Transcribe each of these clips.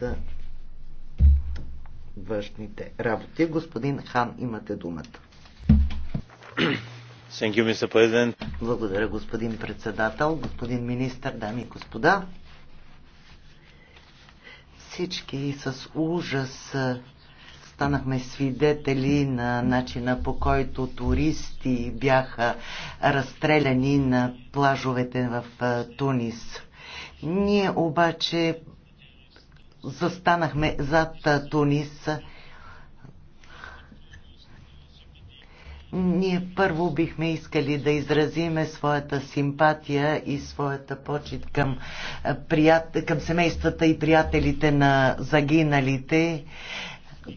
за външните работи. Господин Хан, имате думата. Thank you, Mr. President. Благодаря, господин председател, господин министр, дами и господа. Всички с ужас станахме свидетели на начина по който туристи бяха разстреляни на плажовете в Тунис. Ние обаче застанахме зад Тунис. Ние първо бихме искали да изразиме своята симпатия и своята почет към, прият... към семействата и приятелите на загиналите.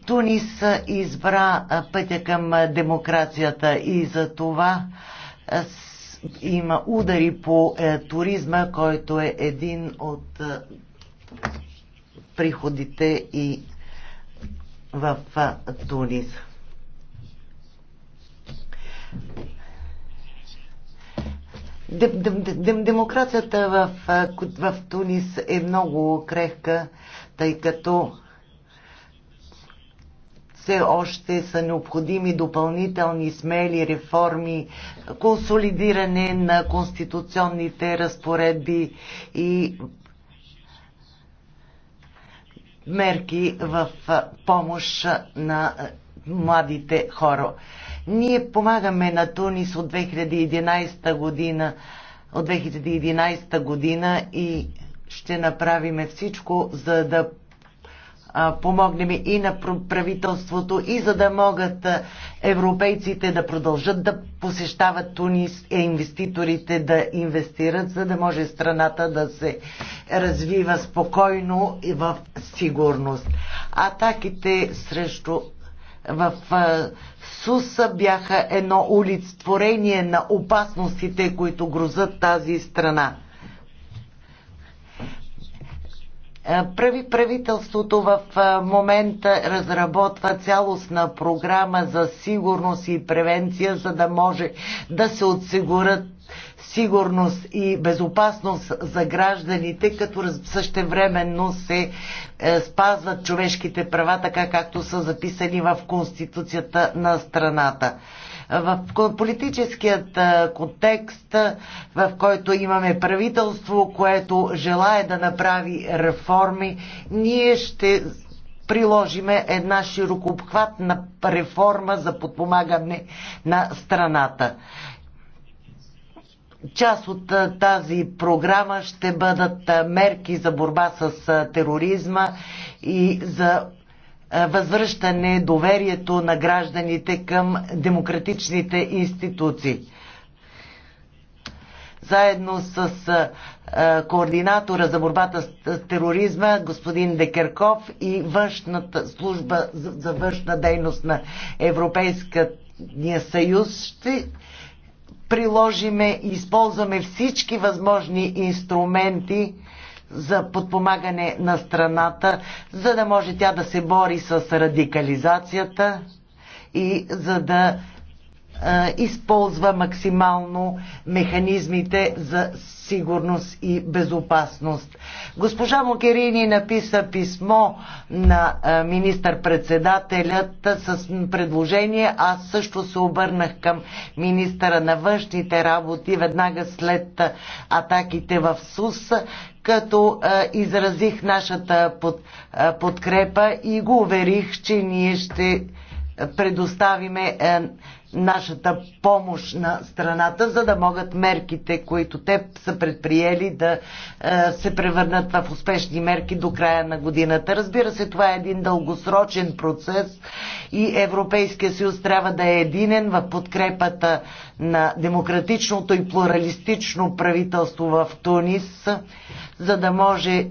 Тунис избра пътя към демокрацията и за това има удари по е, туризма, който е един от приходите и в Тунис. Демокрацията в, в Тунис е много крехка, тъй като все още са необходими допълнителни смели реформи, консолидиране на конституционните разпоредби и мерки в помощ на младите хора. Ние помагаме на Тунис от 2011 година, от 2011 година и ще направим всичко, за да помогнем и на правителството, и за да могат европейците да продължат да посещават Тунис и е инвеститорите да инвестират, за да може страната да се развива спокойно и в сигурност. Атаките срещу в Суса бяха едно улицтворение на опасностите, които грозат тази страна. Е, прави правителството в е, момента разработва цялостна програма за сигурност и превенция, за да може да се отсигурят сигурност и безопасност за гражданите, като същевременно се е, спазват човешките права, така както са записани в Конституцията на страната в политическият контекст, в който имаме правителство, което желая да направи реформи, ние ще приложиме една широкообхватна реформа за подпомагане на страната. Част от тази програма ще бъдат мерки за борба с тероризма и за е, възвръщане доверието на гражданите към демократичните институции. Заедно с е, е, координатора за борбата с тероризма, господин Декерков и външната служба за външна дейност на Европейския съюз ще приложиме и използваме всички възможни инструменти за подпомагане на страната, за да може тя да се бори с радикализацията и за да използва максимално механизмите за сигурност и безопасност. Госпожа Мокерини написа писмо на министър-председателят с предложение. Аз също се обърнах към министъра на външните работи веднага след атаките в СУС, като а, изразих нашата под, а, подкрепа и го уверих, че ние ще предоставиме а, нашата помощ на страната, за да могат мерките, които те са предприели, да е, се превърнат в успешни мерки до края на годината. Разбира се, това е един дългосрочен процес и Европейския съюз трябва да е единен в подкрепата на демократичното и плуралистично правителство в Тунис, за да може е,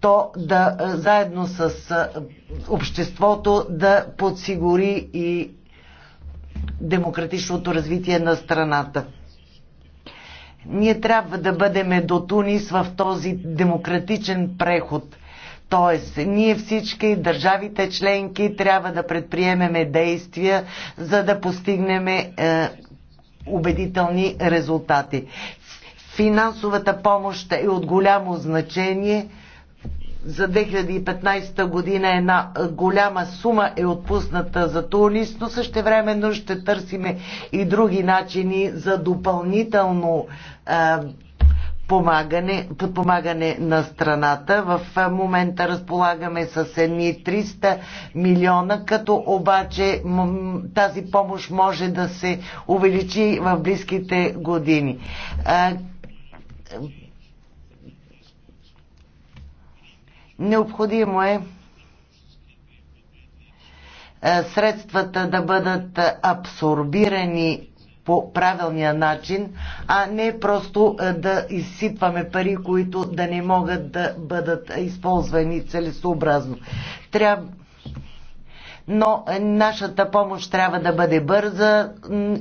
то да е, заедно с обществото да подсигури и демократичното развитие на страната. Ние трябва да бъдем до Тунис в този демократичен преход. Тоест, ние всички, държавите членки, трябва да предприемеме действия, за да постигнем е, убедителни резултати. Финансовата помощ е от голямо значение – за 2015 година една голяма сума е отпусната за Тунис, но същевременно ще търсиме и други начини за допълнително а, помагане, подпомагане на страната. В момента разполагаме с едни 300 милиона, като обаче тази помощ може да се увеличи в близките години Необходимо е, е средствата да бъдат абсорбирани по правилния начин, а не просто е, да изсипваме пари, които да не могат да бъдат използвани целесообразно. Трябва но нашата помощ трябва да бъде бърза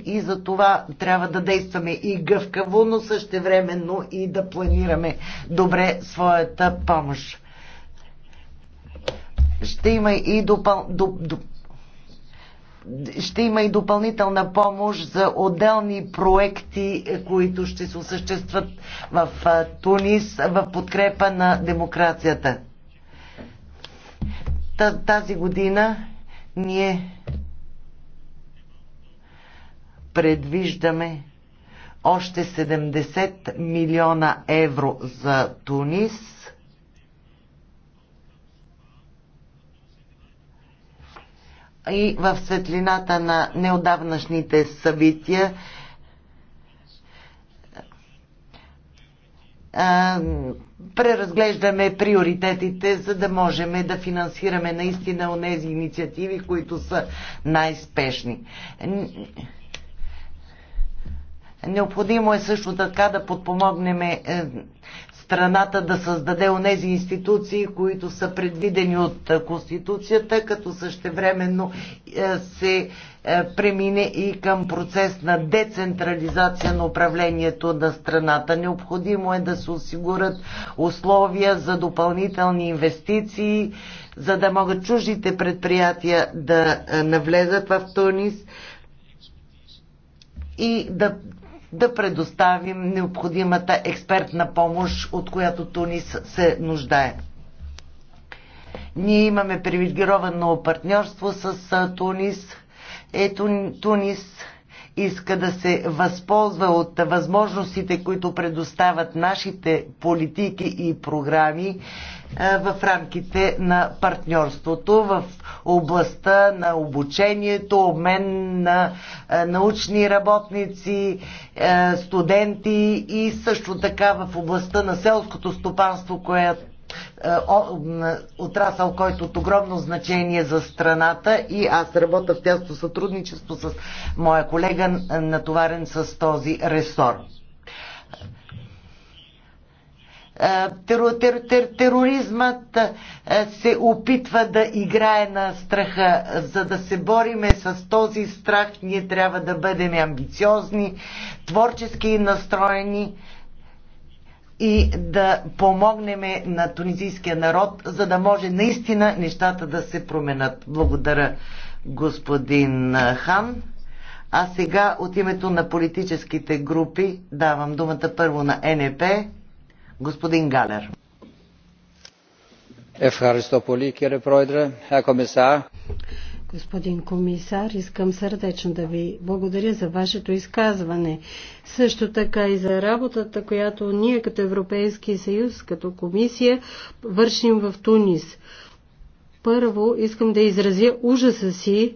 и за това трябва да действаме и гъвкаво, но същевременно и да планираме добре своята помощ ще има и допъл... доп... ще има и допълнителна помощ за отделни проекти, е, които ще се осъществат в е, Тунис в подкрепа на демокрацията. Тази година ние предвиждаме още 70 милиона евро за Тунис и в светлината на неодавнашните събития преразглеждаме приоритетите, за да можем да финансираме наистина онези инициативи, които са най-спешни. Необходимо е също така да подпомогнем е, страната да създаде онези институции, които са предвидени от е, Конституцията, като същевременно е, се премине и към процес на децентрализация на управлението на страната. Необходимо е да се осигурят условия за допълнителни инвестиции, за да могат чуждите предприятия да навлезат в Тунис и да да предоставим необходимата експертна помощ, от която Тунис се нуждае. Ние имаме привилегировано партньорство с Тунис. Ето Тунис иска да се възползва от възможностите, които предоставят нашите политики и програми е, в рамките на партньорството в областта на обучението, обмен на е, научни работници, е, студенти и също така в областта на селското стопанство, което отрасъл, който от огромно значение за страната и аз работя в тясно сътрудничество с моя колега, натоварен с този ресор терор, терор, терор, тероризмът се опитва да играе на страха. За да се бориме с този страх, ние трябва да бъдем амбициозни, творчески настроени и да помогнем на тунизийския народ, за да може наистина нещата да се променят. Благодаря, господин Хан. А сега от името на политическите групи давам думата първо на НП. Господин Галер. комисар. Господин комисар, искам сърдечно да ви благодаря за вашето изказване. Също така и за работата, която ние като Европейски съюз, като комисия, вършим в Тунис. Първо искам да изразя ужаса си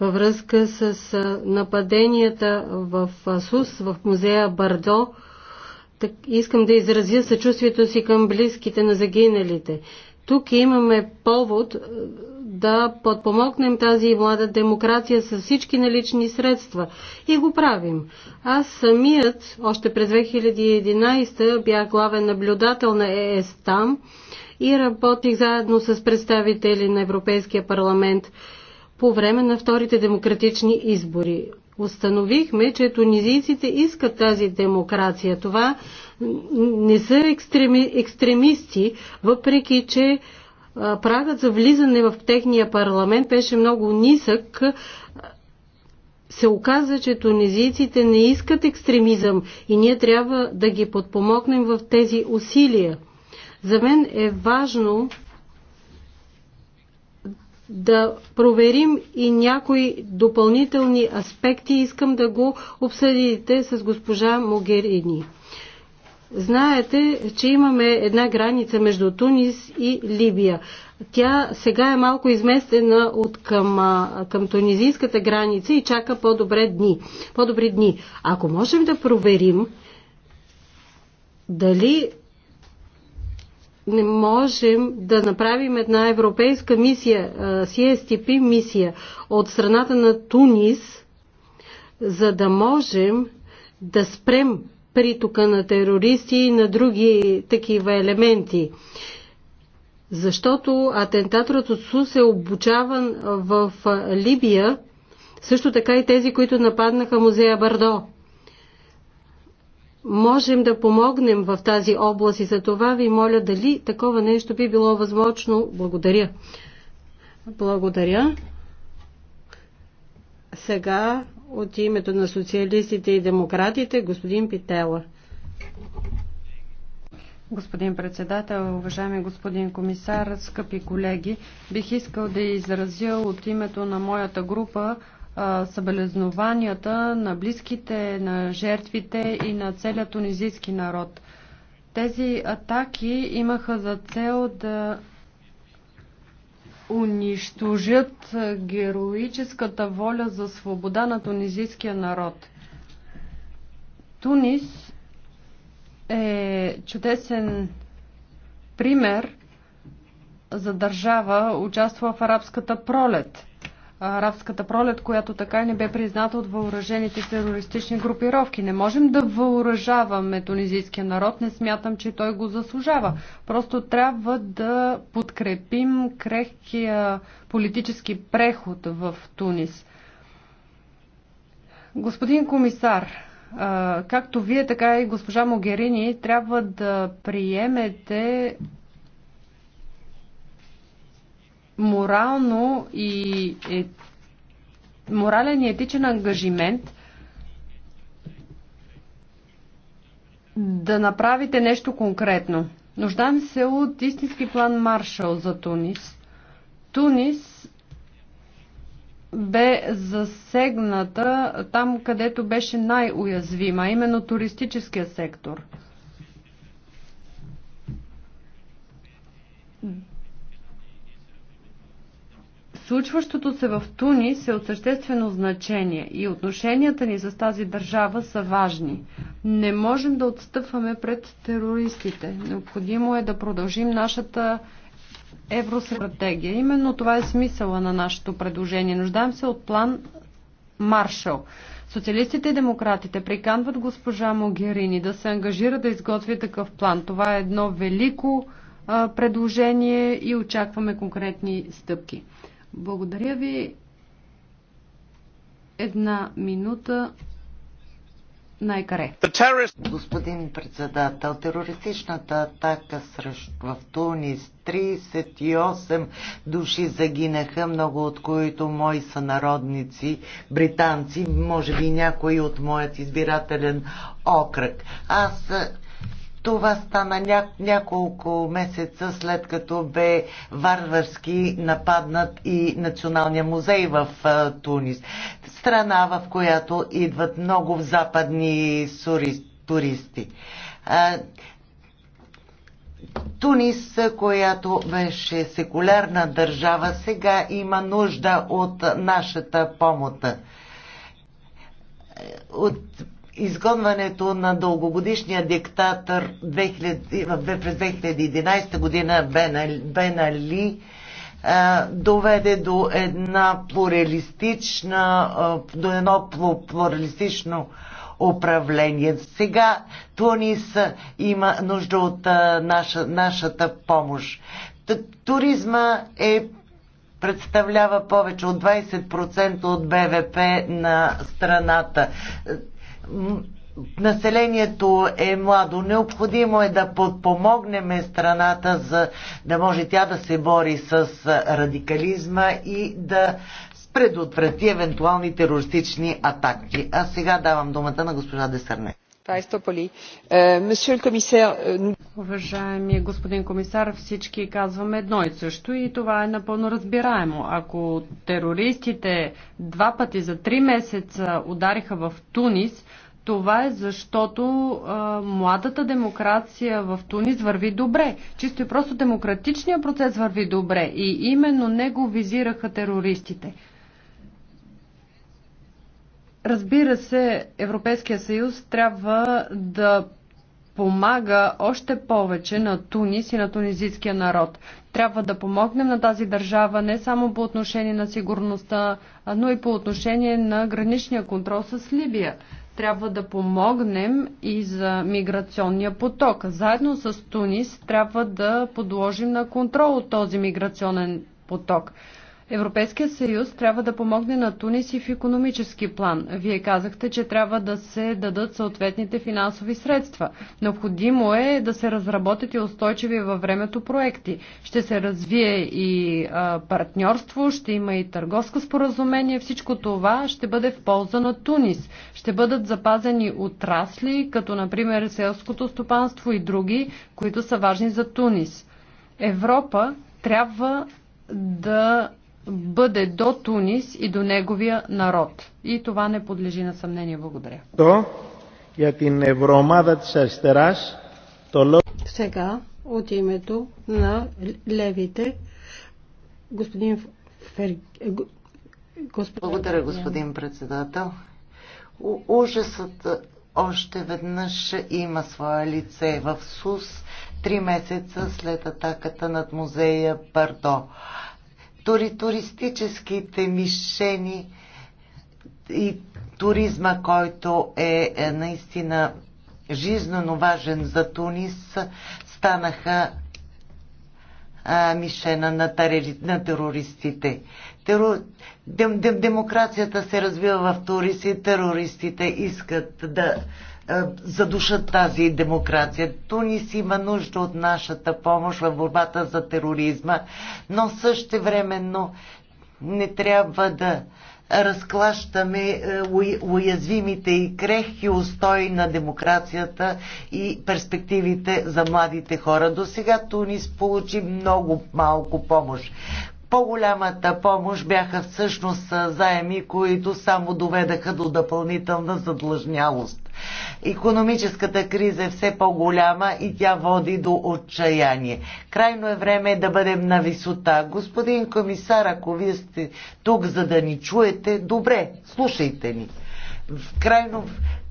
във връзка с нападенията в Асус, в музея Бардо, так, искам да изразя съчувствието си към близките на загиналите. Тук имаме повод е, да подпомогнем тази млада демокрация с всички налични средства. И го правим. Аз самият, още през 2011 бях главен наблюдател на ЕС там и работих заедно с представители на Европейския парламент по време на вторите демократични избори установихме, че тунизийците искат тази демокрация. Това не са екстреми, екстремисти, въпреки че прагът за влизане в техния парламент беше много нисък. Се оказа, че тунизийците не искат екстремизъм и ние трябва да ги подпомогнем в тези усилия. За мен е важно да проверим и някои допълнителни аспекти. Искам да го обсъдите с госпожа Могерини. Знаете, че имаме една граница между Тунис и Либия. Тя сега е малко изместена от към, към тунизийската граница и чака по-добре дни, по-добри дни. Ако можем да проверим дали не можем да направим една европейска мисия, CSTP е мисия от страната на Тунис, за да можем да спрем притока на терористи и на други такива елементи. Защото атентаторът от СУС е обучаван в Либия, също така и тези, които нападнаха музея Бардо можем да помогнем в тази област и за това ви моля дали такова нещо би било възможно. Благодаря. Благодаря. Сега от името на социалистите и демократите господин Питела. Господин председател, уважаеми господин комисар, скъпи колеги, бих искал да изразя от името на моята група събелезнованията на близките, на жертвите и на целият тунизийски народ. Тези атаки имаха за цел да унищожат героическата воля за свобода на тунизийския народ. Тунис е чудесен пример за държава, участва в арабската пролет – арабската пролет, която така и не бе призната от въоръжените терористични групировки. Не можем да въоръжаваме тунизийския народ, не смятам, че той го заслужава. Просто трябва да подкрепим крехкия политически преход в Тунис. Господин комисар, както вие, така и госпожа Могерини, трябва да приемете морално и е, морален и етичен ангажимент да направите нещо конкретно. Нуждам се от истински план Маршал за Тунис. Тунис бе засегната там, където беше най-уязвима, именно туристическия сектор. Случващото се в Тунис е от съществено значение и отношенията ни с тази държава са важни. Не можем да отстъпваме пред терористите. Необходимо е да продължим нашата евростратегия. Именно това е смисъла на нашето предложение. Нуждаем се от план Маршал. Социалистите и демократите приканват госпожа Могерини да се ангажира да изготви такъв план. Това е едно велико предложение и очакваме конкретни стъпки. Благодаря ви. Една минута най-каре. Господин председател, терористичната атака срещу в Тунис 38 души загинаха, много от които мои сънародници, британци, може би някои от моят избирателен окръг. Аз това стана ня... няколко месеца след като бе варварски нападнат и Националния музей в Тунис. Страна, в която идват много западни туристи. Тунис, която беше секулярна държава, сега има нужда от нашата помота. От изгонването на дългогодишния диктатор 2000, през 2011 година Бен, Али доведе до една плуралистична, до едно плуралистично управление. Сега Тунис има нужда от наша, нашата помощ. Туризма е представлява повече от 20% от БВП на страната населението е младо. Необходимо е да подпомогнем страната, за да може тя да се бори с радикализма и да предотврати евентуални терористични атаки. А сега давам думата на госпожа Десърне. Е, е, Уважаеми господин комисар, всички казваме едно и също и това е напълно разбираемо. Ако терористите два пъти за три месеца удариха в Тунис, това е защото а, младата демокрация в Тунис върви добре. Чисто и просто демократичният процес върви добре и именно него визираха терористите. Разбира се, Европейския съюз трябва да помага още повече на Тунис и на тунизийския народ. Трябва да помогнем на тази държава не само по отношение на сигурността, но и по отношение на граничния контрол с Либия трябва да помогнем и за миграционния поток. Заедно с Тунис трябва да подложим на контрол този миграционен поток. Европейския съюз трябва да помогне на Тунис и в економически план. Вие казахте, че трябва да се дадат съответните финансови средства. Необходимо е да се разработят и устойчиви във времето проекти. Ще се развие и а, партньорство, ще има и търговско споразумение. Всичко това ще бъде в полза на Тунис. Ще бъдат запазени отрасли, като например селското стопанство и други, които са важни за Тунис. Европа трябва да бъде до Тунис и до неговия народ. И това не подлежи на съмнение. Благодаря. То, για την Ευρωομάδα της Αριστεράς, то λόγο... Сега, от името на левите, господин Фер... Господин... Благодаря, господин председател. У- ужасът още веднъж има свое лице в СУС три месеца след атаката над музея Пардо тури, туристическите мишени и туризма, който е, е наистина жизненно важен за Тунис, станаха а, мишена на, терори, на терористите. Теро, дем, дем, демокрацията се развива в Тунис и терористите искат да е, задушат тази демокрация. Тунис има нужда от нашата помощ в борбата за тероризма, но също времено не трябва да разклащаме е, уязвимите и крехки устои на демокрацията и перспективите за младите хора. До сега Тунис получи много малко помощ. По-голямата помощ бяха всъщност заеми, които само доведаха до допълнителна задлъжнялост. Економическата криза е все по-голяма и тя води до отчаяние. Крайно е време да бъдем на висота. Господин комисар, ако вие сте тук, за да ни чуете, добре, слушайте ни. крайно,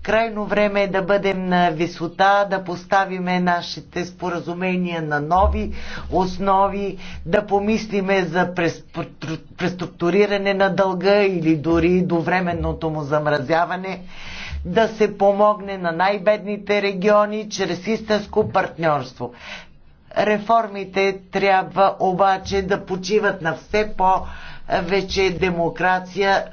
крайно време е да бъдем на висота, да поставиме нашите споразумения на нови основи, да помислиме за преструктуриране на дълга или дори до временното му замразяване да се помогне на най-бедните региони чрез истинско партньорство. Реформите трябва обаче да почиват на все по-вече демокрация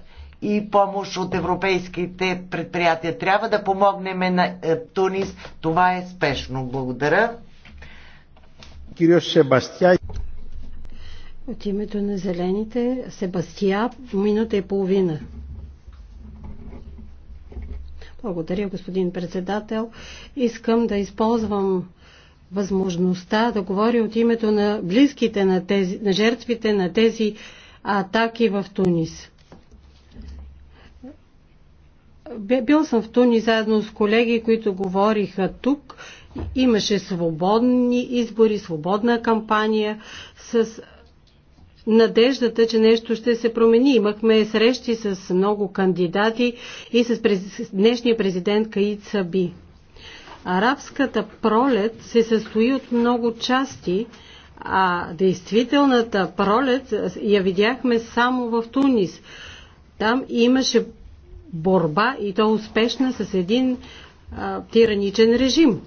и помощ от европейските предприятия. Трябва да помогнем на е, Тунис. Това е спешно. Благодаря. Кирил Себастия. От името на зелените, Себастия, минута и половина. Благодаря, господин председател. Искам да използвам възможността да говоря от името на близките на, тези, на жертвите на тези атаки в Тунис. Бил съм в Тунис заедно с колеги, които говориха тук. Имаше свободни избори, свободна кампания с надеждата, че нещо ще се промени. Имахме срещи с много кандидати и с днешния президент Каид Саби. Арабската пролет се състои от много части, а действителната пролет я видяхме само в Тунис. Там имаше борба и то успешна с един а, тираничен режим.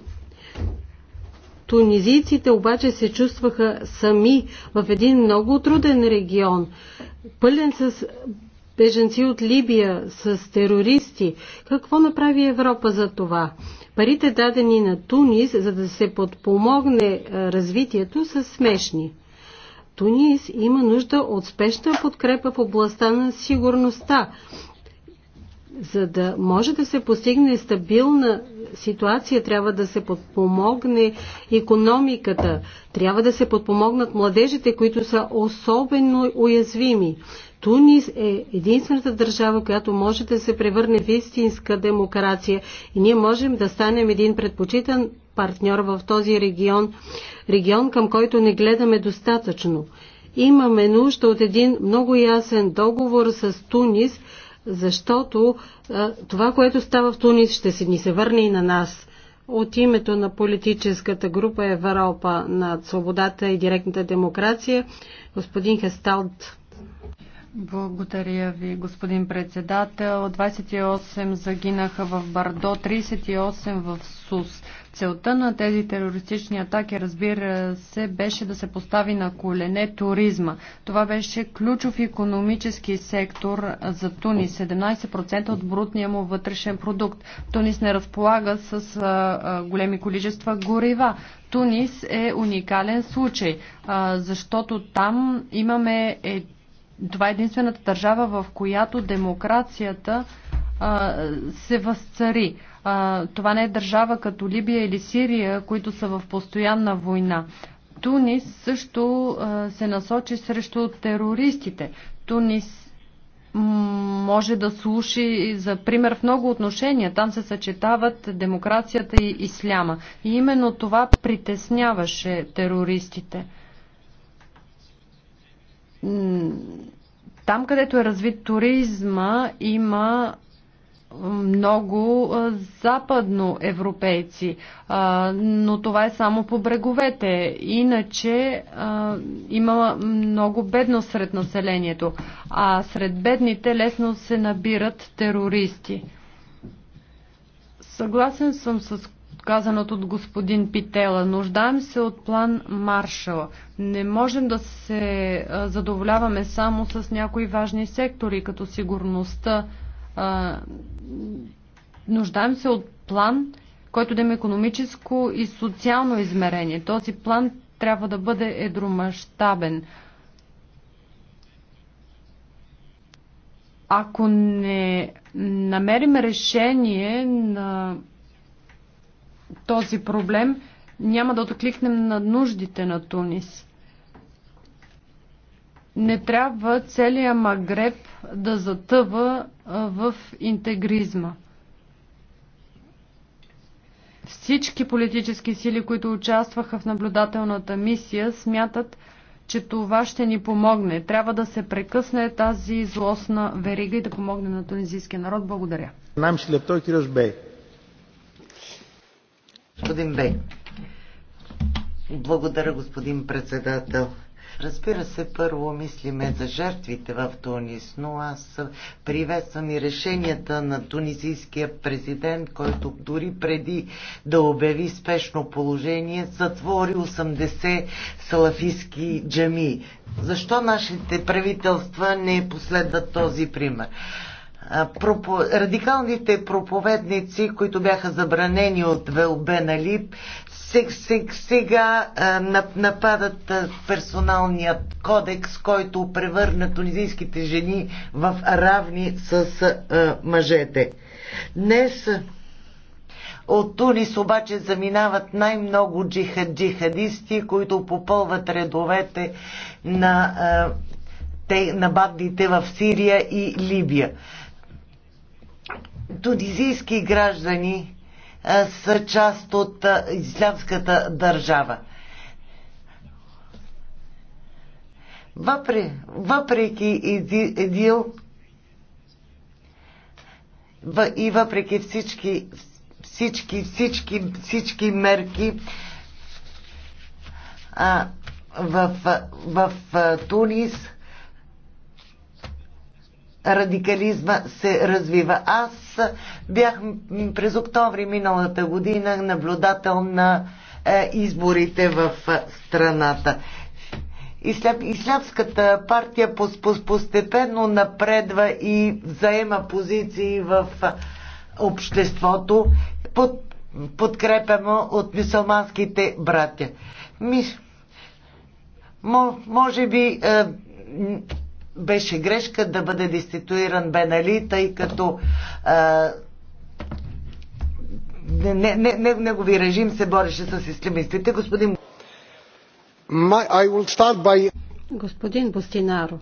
Тунизийците обаче се чувстваха сами в един много труден регион, пълен с беженци от Либия, с терористи. Какво направи Европа за това? Парите дадени на Тунис, за да се подпомогне е, развитието, са смешни. Тунис има нужда от спешна подкрепа в областта на сигурността, за да може да се постигне стабилна ситуация, трябва да се подпомогне економиката, трябва да се подпомогнат младежите, които са особено уязвими. Тунис е единствената държава, която може да се превърне в истинска демокрация и ние можем да станем един предпочитан партньор в този регион, регион към който не гледаме достатъчно. Имаме нужда от един много ясен договор с Тунис, защото това, което става в Тунис, ще си ни се върне и на нас. От името на политическата група Европа на свободата и директната демокрация, господин Хесталт. Благодаря ви, господин председател. 28 загинаха в Бардо, 38 в СУС. Целта на тези терористични атаки, разбира се, беше да се постави на колене туризма. Това беше ключов економически сектор за Тунис. 17% от брутния му вътрешен продукт. Тунис не разполага с а, а, големи количества горива. Тунис е уникален случай, а, защото там имаме. Е, това е единствената държава, в която демокрацията а, се възцари а, това не е държава като Либия или Сирия, които са в постоянна война. Тунис също а, се насочи срещу терористите. Тунис може да слуши за пример в много отношения. Там се съчетават демокрацията и исляма. И именно това притесняваше терористите. Там, където е развит туризма, има много западно европейци, но това е само по бреговете. Иначе има много бедност сред населението, а сред бедните лесно се набират терористи. Съгласен съм с казаното от господин Питела. Нуждаем се от план Маршал. Не можем да се задоволяваме само с някои важни сектори, като сигурността, а, нуждаем се от план, който да има економическо и социално измерение. Този план трябва да бъде едромащабен. Ако не намерим решение на този проблем, няма да откликнем на нуждите на Тунис. Не трябва целият Магреб да затъва в интегризма. Всички политически сили, които участваха в наблюдателната мисия, смятат, че това ще ни помогне. Трябва да се прекъсне тази злостна верига и да помогне на тунизийския народ. Благодаря. Нам си лепто, кирош Бей. Господин Бей. Благодаря, господин председател. Разбира се, първо мислиме за жертвите в Тунис, но аз приветствам и решенията на тунизийския президент, който дори преди да обяви спешно положение, затвори 80 салафистски джами. Защо нашите правителства не последват този пример? радикалните проповедници, които бяха забранени от Велбен Алип, сега нападат персоналният кодекс, който превърна тунизийските жени в равни с мъжете. Днес от Тунис обаче заминават най-много джихад, джихадисти, които попълват редовете на, на бандите в Сирия и Либия. Тунизийски граждани е, са част от е, ислямската държава. Въпреки, въпреки ИДИЛ и въпреки всички, всички, всички, всички мерки а, в, в, в Тунис радикализма се развива. Аз бях през октомври миналата година наблюдател на е, изборите в е, страната. Ислямската партия постепенно напредва и заема позиции в е, обществото, под, подкрепяно от мисулманските братя. Ми, може би беше грешка да бъде деституиран Бенали, тъй като а, не, не, не, негови режим се бореше с ислямистите. Господин... My, I will start by... Господин Бостинаро,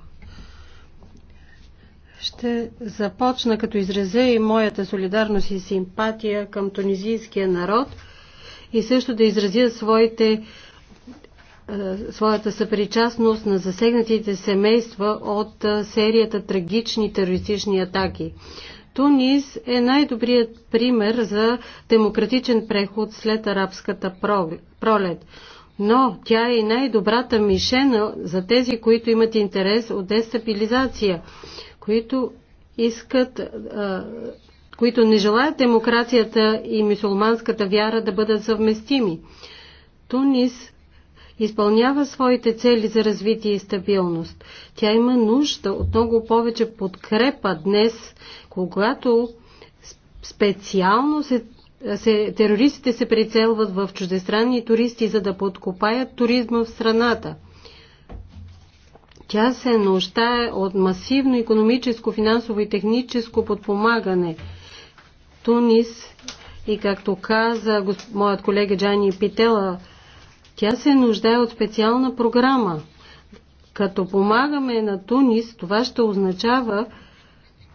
ще започна като изразя и моята солидарност и симпатия към тунизийския народ и също да изразя своите е, своята съпричастност на засегнатите семейства от е, серията трагични терористични атаки. Тунис е най-добрият пример за демократичен преход след арабската пролет. Но тя е и най-добрата мишена за тези, които имат интерес от дестабилизация, които искат, е, които не желаят демокрацията и мусулманската вяра да бъдат съвместими. Тунис изпълнява своите цели за развитие и стабилност. Тя има нужда от много повече подкрепа днес, когато специално се се, терористите се прицелват в чуждестранни туристи, за да подкопаят туризма в страната. Тя се нуждае от масивно економическо, финансово и техническо подпомагане. Тунис и както каза моят колега Джани Питела, тя се нуждае от специална програма. Като помагаме на Тунис, това ще означава,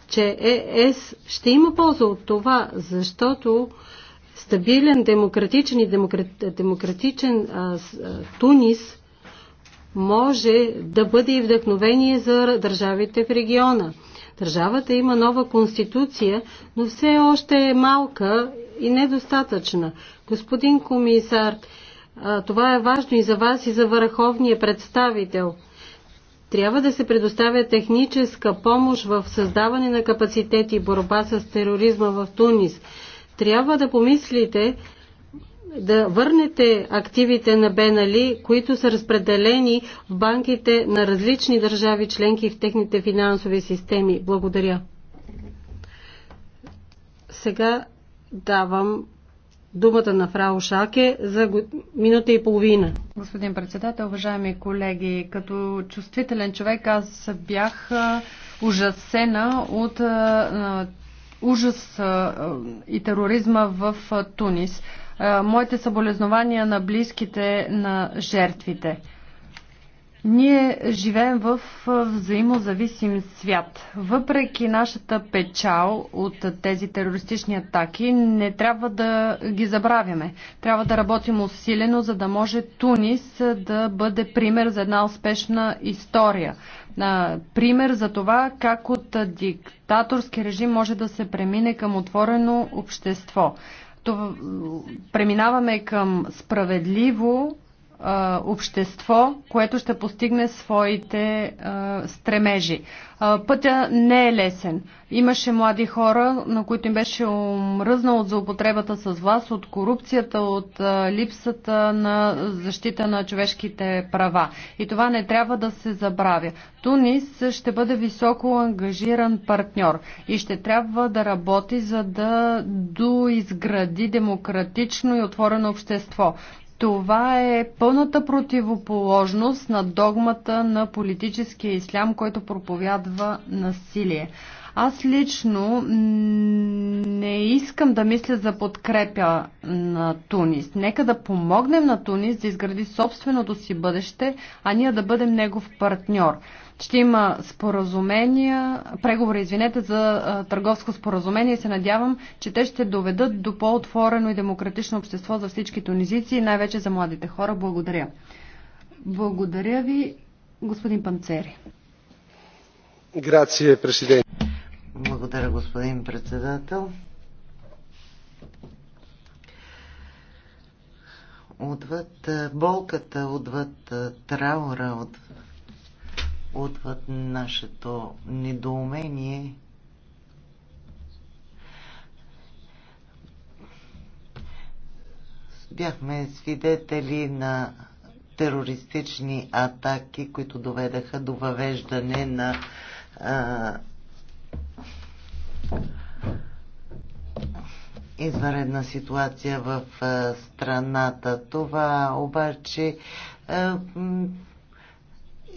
че ЕС ще има полза от това, защото стабилен, демократичен и демократичен а, Тунис може да бъде и вдъхновение за държавите в региона. Държавата има нова конституция, но все още е малка и недостатъчна. Господин комисар, това е важно и за вас, и за върховния представител. Трябва да се предоставя техническа помощ в създаване на капацитети и борба с тероризма в Тунис. Трябва да помислите да върнете активите на Бенали, които са разпределени в банките на различни държави членки в техните финансови системи. Благодаря. Сега давам думата на Фрау Шаке за минута и половина. Господин председател, уважаеми колеги, като чувствителен човек аз бях ужасена от ужас и тероризма в Тунис. Моите съболезнования на близките на жертвите. Ние живеем в взаимозависим свят. Въпреки нашата печал от тези терористични атаки, не трябва да ги забравяме. Трябва да работим усилено, за да може Тунис да бъде пример за една успешна история. Пример за това как от диктаторски режим може да се премине към отворено общество. Това Преминаваме към справедливо а, общество, което ще постигне своите а, стремежи. А, пътя не е лесен. Имаше млади хора, на които им беше омръзнал от злоупотребата с вас, от корупцията, от а, липсата на защита на човешките права. И това не трябва да се забравя. Тунис ще бъде високо ангажиран партньор и ще трябва да работи, за да доизгради демократично и отворено общество. Това е пълната противоположност на догмата на политическия ислям, който проповядва насилие. Аз лично не искам да мисля за подкрепя на Тунис. Нека да помогнем на Тунис да изгради собственото си бъдеще, а ние да бъдем негов партньор. Ще има споразумения, преговори, извинете, за търговско споразумение и се надявам, че те ще доведат до по-отворено и демократично общество за всички тунизици и най-вече за младите хора. Благодаря. Благодаря ви, господин Панцери. Грация, президент. Благодаря, господин председател. Отвъд болката, отвъд траура, отвъд отвъд нашето недоумение. Бяхме свидетели на терористични атаки, които доведаха до въвеждане на извънредна ситуация в страната. Това обаче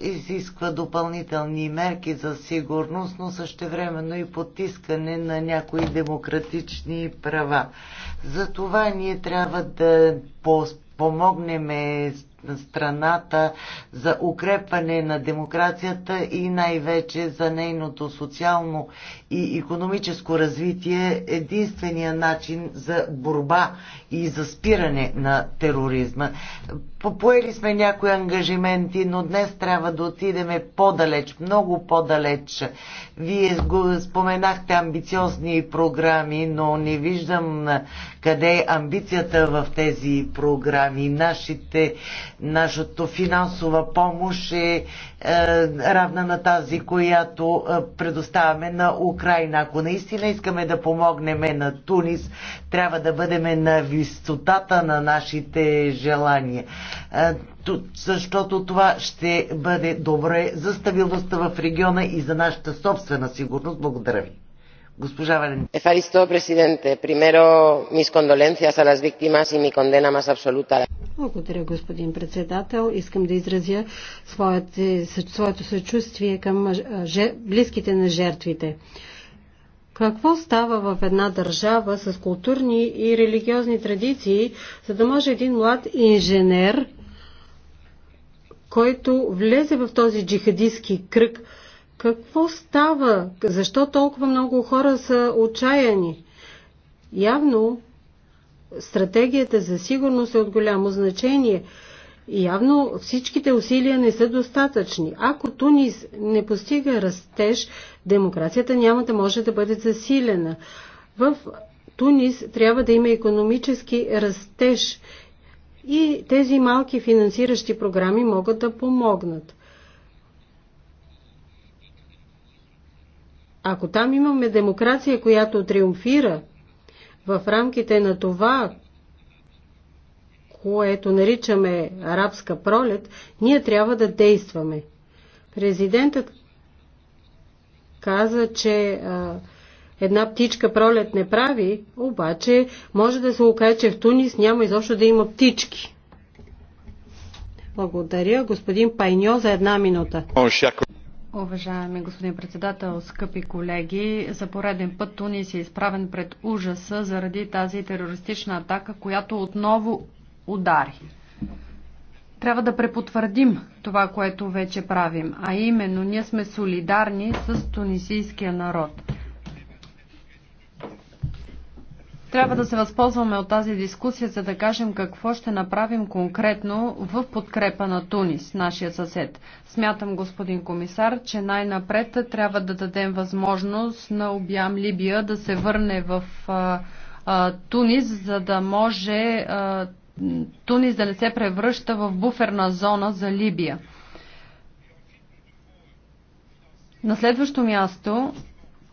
изисква допълнителни мерки за сигурност, но същевременно и потискане на някои демократични права. За това ние трябва да помогнем страната за укрепване на демокрацията и най-вече за нейното социално и економическо развитие единствения начин за борба и за спиране на тероризма. Попоели сме някои ангажименти, но днес трябва да отидеме по-далеч, много по-далеч. Вие го споменахте амбициозни програми, но не виждам къде е амбицията в тези програми. Нашите, нашата финансова помощ е, е равна на тази, която е, предоставяме на Украина. Ако наистина искаме да помогнем на Тунис, трябва да бъдем на висотата на нашите желания. Е, защото това ще бъде добре за стабилността в региона и за нашата собствена сигурност. Благодаря ви. Госпожа Валентина. Ефаристо, президенте. Примеро, мис кондоленциас а лас виктимас и ми кондена мас абсолюта. Благодаря, господин председател. Искам да изразя своето съчувствие към близките на жертвите. Какво става в една държава с културни и религиозни традиции, за да може един млад инженер, който влезе в този джихадистски кръг, какво става? Защо толкова много хора са отчаяни? Явно стратегията за сигурност е от голямо значение – Явно всичките усилия не са достатъчни. Ако Тунис не постига растеж, демокрацията няма да може да бъде засилена. В Тунис трябва да има економически растеж и тези малки финансиращи програми могат да помогнат. Ако там имаме демокрация, която триумфира в рамките на това, което наричаме арабска пролет, ние трябва да действаме. Президентът каза, че а, една птичка пролет не прави, обаче може да се окаже, че в Тунис няма изобщо да има птички. Благодаря, господин Пайньо, за една минута. Уважаеми господин председател, скъпи колеги, за пореден път Тунис е изправен пред ужаса заради тази терористична атака, която отново удари. Трябва да препотвърдим това, което вече правим, а именно ние сме солидарни с тунисийския народ. Трябва да се възползваме от тази дискусия, за да кажем какво ще направим конкретно в подкрепа на Тунис, нашия съсед. Смятам, господин комисар, че най-напред трябва да дадем възможност на обям Либия да се върне в а, а, Тунис, за да може а, Тунис да не се превръща в буферна зона за Либия. На следващо място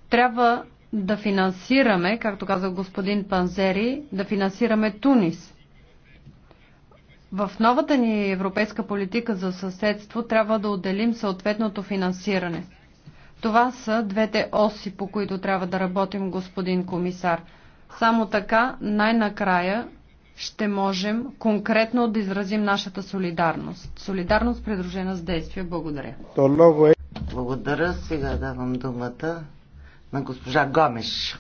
трябва да финансираме, както каза господин Панзери, да финансираме Тунис. В новата ни европейска политика за съседство трябва да отделим съответното финансиране. Това са двете оси, по които трябва да работим, господин комисар. Само така, най-накрая, ще можем конкретно да изразим нашата солидарност. Солидарност, придружена с действия. Благодаря. Благодаря. Сега давам думата на госпожа Гомеш.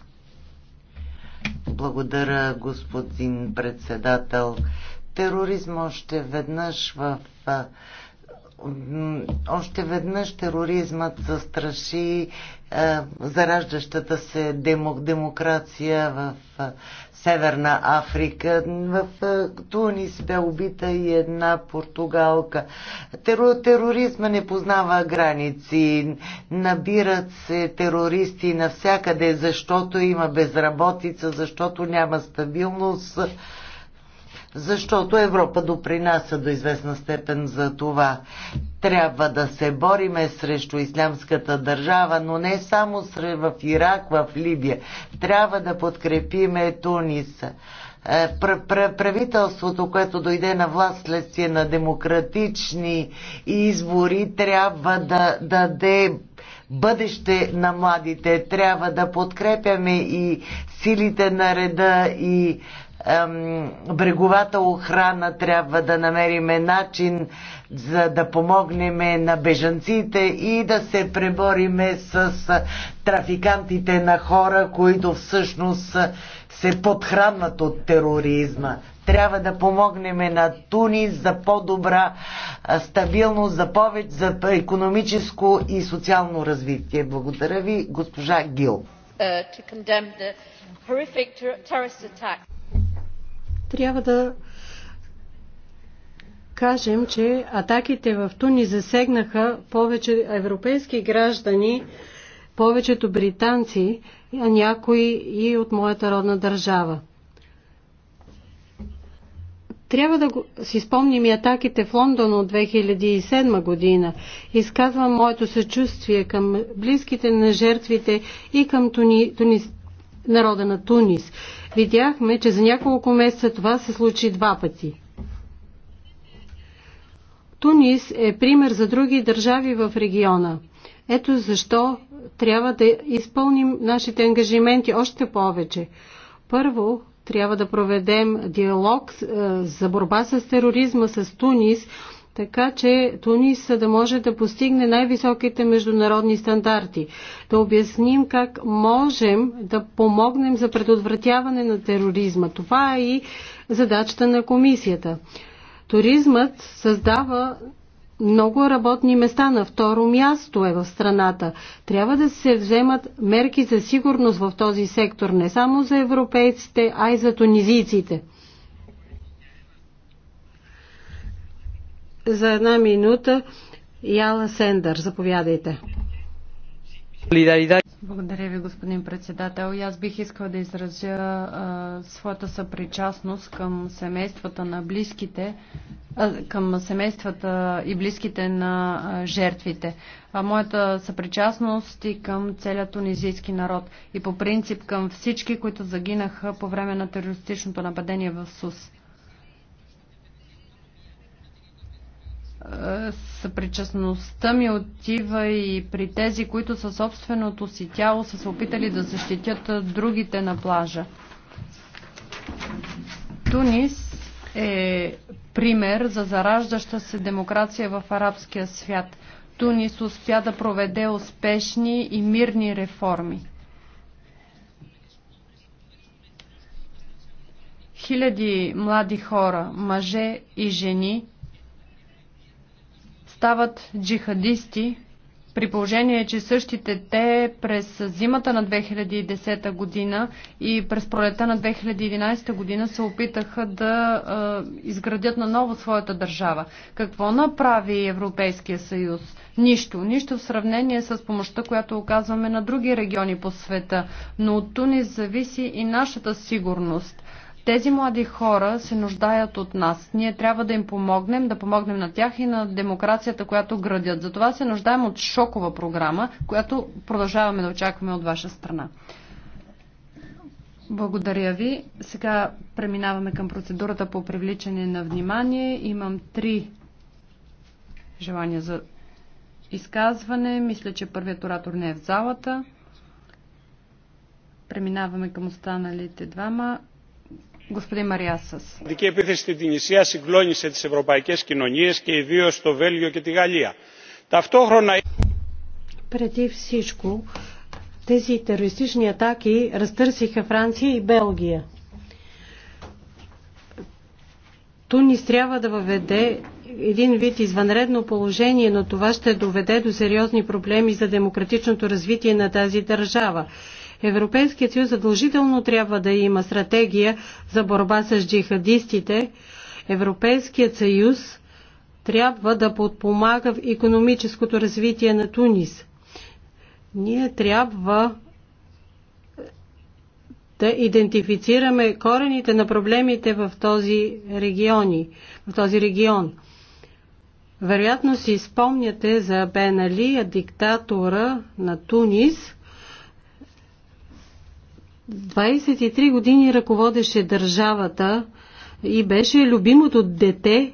Благодаря, господин председател. Тероризм още веднъж в още веднъж тероризмът застраши е, зараждащата се демок, демокрация в Северна Африка. В е, Тунис бе убита и една португалка. тероризма не познава граници. Набират се терористи навсякъде, защото има безработица, защото няма стабилност защото Европа допринася до известна степен за това. Трябва да се бориме срещу ислямската държава, но не само в Ирак, в Либия. Трябва да подкрепиме Тунис. Е, правителството, което дойде на власт следствие на демократични избори, трябва да даде бъдеще на младите. Трябва да подкрепяме и силите на реда и ем, бреговата охрана. Трябва да намериме начин за да помогнем на бежанците и да се пребориме с трафикантите на хора, които всъщност се подхранват от тероризма трябва да помогнем на Тунис за по-добра стабилност, за повече, за економическо и социално развитие. Благодаря ви, госпожа Гил. Uh, трябва да кажем, че атаките в Туни засегнаха повече европейски граждани, повечето британци, а някои и от моята родна държава. Трябва да си спомним и атаките в Лондон от 2007 година. Изказвам моето съчувствие към близките на жертвите и към туни, туни, народа на Тунис. Видяхме, че за няколко месеца това се случи два пъти. Тунис е пример за други държави в региона. Ето защо трябва да изпълним нашите ангажименти още повече. Първо, трябва да проведем диалог е, за борба с тероризма с Тунис, така че Тунис да може да постигне най-високите международни стандарти. Да обясним как можем да помогнем за предотвратяване на тероризма. Това е и задачата на комисията. Туризмът създава много работни места на второ място е в страната. Трябва да се вземат мерки за сигурност в този сектор, не само за европейците, а и за тунизийците. За една минута Яла Сендър, заповядайте. Благодаря ви, господин председател. И аз бих искала да изразя а, своята съпричастност към семействата на близките, а, към семействата и близките на а, жертвите. А, моята съпричастност и към целият тунизийски народ и по принцип към всички, които загинаха по време на терористичното нападение в СУС. съпричастността ми отива и при тези, които със собственото си тяло са се опитали да защитят другите на плажа. Тунис е пример за зараждаща се демокрация в арабския свят. Тунис успя да проведе успешни и мирни реформи. Хиляди млади хора, мъже и жени, стават джихадисти, при положение, че същите те през зимата на 2010 година и през пролета на 2011 година се опитаха да е, изградят наново своята държава. Какво направи Европейския съюз? Нищо. Нищо в сравнение с помощта, която оказваме на други региони по света. Но от Тунис зависи и нашата сигурност. Тези млади хора се нуждаят от нас. Ние трябва да им помогнем, да помогнем на тях и на демокрацията, която градят. Затова се нуждаем от шокова програма, която продължаваме да очакваме от ваша страна. Благодаря ви. Сега преминаваме към процедурата по привличане на внимание. Имам три желания за изказване. Мисля, че първият оратор не е в залата. Преминаваме към останалите двама. Господин Мариасас. Η δική επίθεση στην Τινησία συγκλώνησε τις ευρωπαϊκές κοινωνίες και ιδίως το Βέλγιο και τη Γαλλία. Ταυτόχρονα... Преди всичко, тези терористични атаки разтърсиха Франция и Белгия. Тунис трябва да въведе един вид извънредно положение, но това ще доведе до сериозни проблеми за демократичното развитие на тази държава. Европейският съюз задължително трябва да има стратегия за борба с джихадистите. Европейският съюз трябва да подпомага в економическото развитие на Тунис. Ние трябва да идентифицираме корените на проблемите в този, региони, в този регион. Вероятно си спомняте за Бен Али, диктатора на Тунис – 23 години ръководеше държавата и беше любимото дете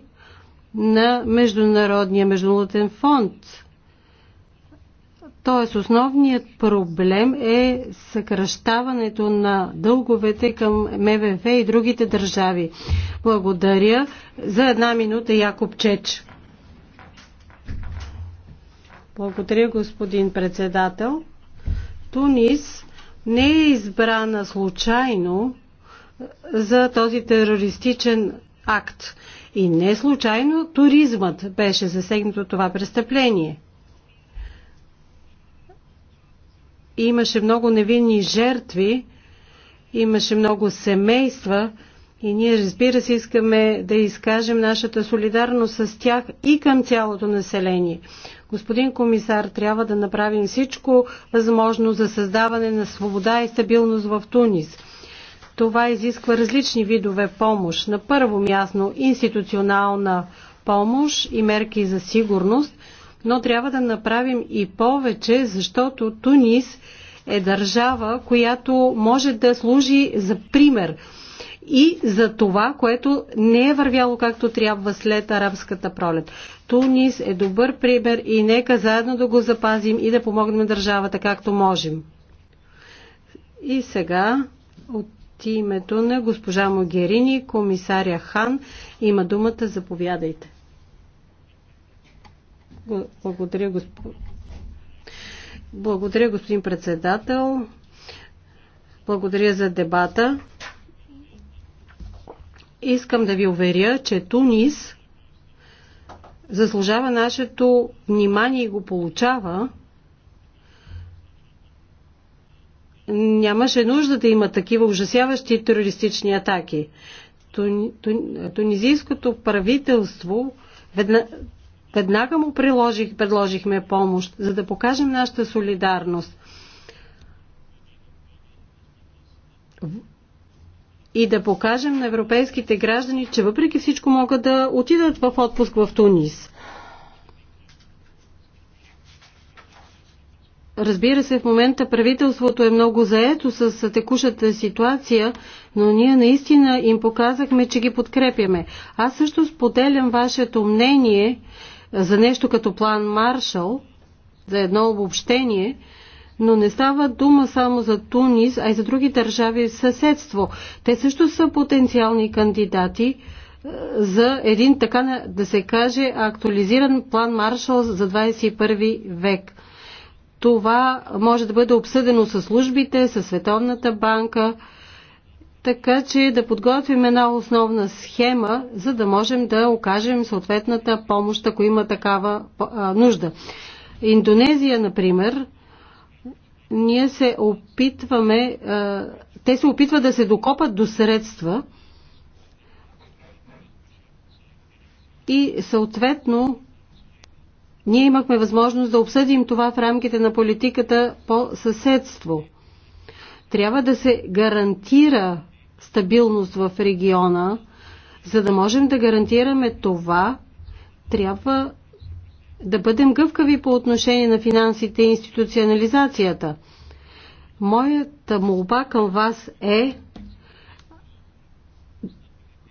на Международния международен фонд. Тоест основният проблем е съкръщаването на дълговете към МВФ и другите държави. Благодаря. За една минута Якоб Чеч. Благодаря, господин председател. Тунис не е избрана случайно за този терористичен акт. И не случайно туризмът беше засегнат от това престъпление. Имаше много невинни жертви, имаше много семейства, и ние, разбира се, искаме да изкажем нашата солидарност с тях и към цялото население. Господин комисар, трябва да направим всичко възможно за създаване на свобода и стабилност в Тунис. Това изисква различни видове помощ. На първо място институционална помощ и мерки за сигурност, но трябва да направим и повече, защото Тунис е държава, която може да служи за пример – и за това, което не е вървяло както трябва след арабската пролет. Тунис е добър пример и нека заедно да го запазим и да помогнем държавата както можем. И сега от името на госпожа Могерини, комисаря Хан, има думата, заповядайте. Благодаря, госп... Благодаря господин председател. Благодаря за дебата. Искам да ви уверя, че Тунис заслужава нашето внимание и го получава. Нямаше нужда да има такива ужасяващи терористични атаки. тунизийското правителство веднага, веднага му приложих, предложихме помощ, за да покажем нашата солидарност и да покажем на европейските граждани, че въпреки всичко могат да отидат в отпуск в Тунис. Разбира се, в момента правителството е много заето с текущата ситуация, но ние наистина им показахме, че ги подкрепяме. Аз също споделям вашето мнение за нещо като план Маршал, за едно обобщение – но не става дума само за Тунис, а и за други държави в съседство. Те също са потенциални кандидати е, за един, така да се каже, актуализиран план Маршал за 21 век. Това може да бъде обсъдено с службите, с Световната банка, така че да подготвим една основна схема, за да можем да окажем съответната помощ, ако има такава нужда. Индонезия, например, ние се опитваме, те се опитват да се докопат до средства и съответно ние имахме възможност да обсъдим това в рамките на политиката по съседство. Трябва да се гарантира стабилност в региона, за да можем да гарантираме това, трябва да бъдем гъвкави по отношение на финансите и институционализацията. Моята молба към вас е,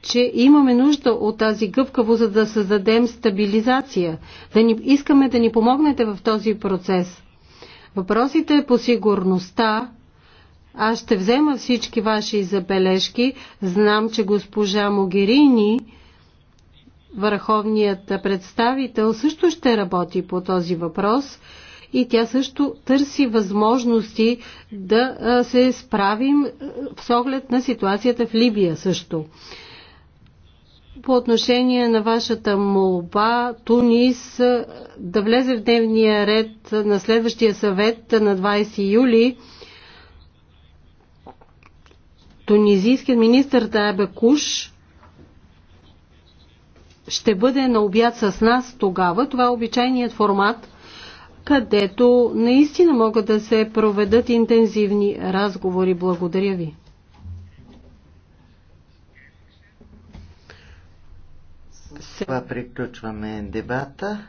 че имаме нужда от тази гъвкаво, за да създадем стабилизация. Да ни, искаме да ни помогнете в този процес. Въпросите по сигурността аз ще взема всички ваши забележки. Знам, че госпожа Могерини Върховният представител също ще работи по този въпрос и тя също търси възможности да се справим с оглед на ситуацията в Либия също. По отношение на вашата молба Тунис да влезе в дневния ред на следващия съвет на 20 юли, тунизийският министр Таебе Куш ще бъде на обяд с нас тогава. Това е обичайният формат, където наистина могат да се проведат интензивни разговори. Благодаря ви. Това приключваме дебата.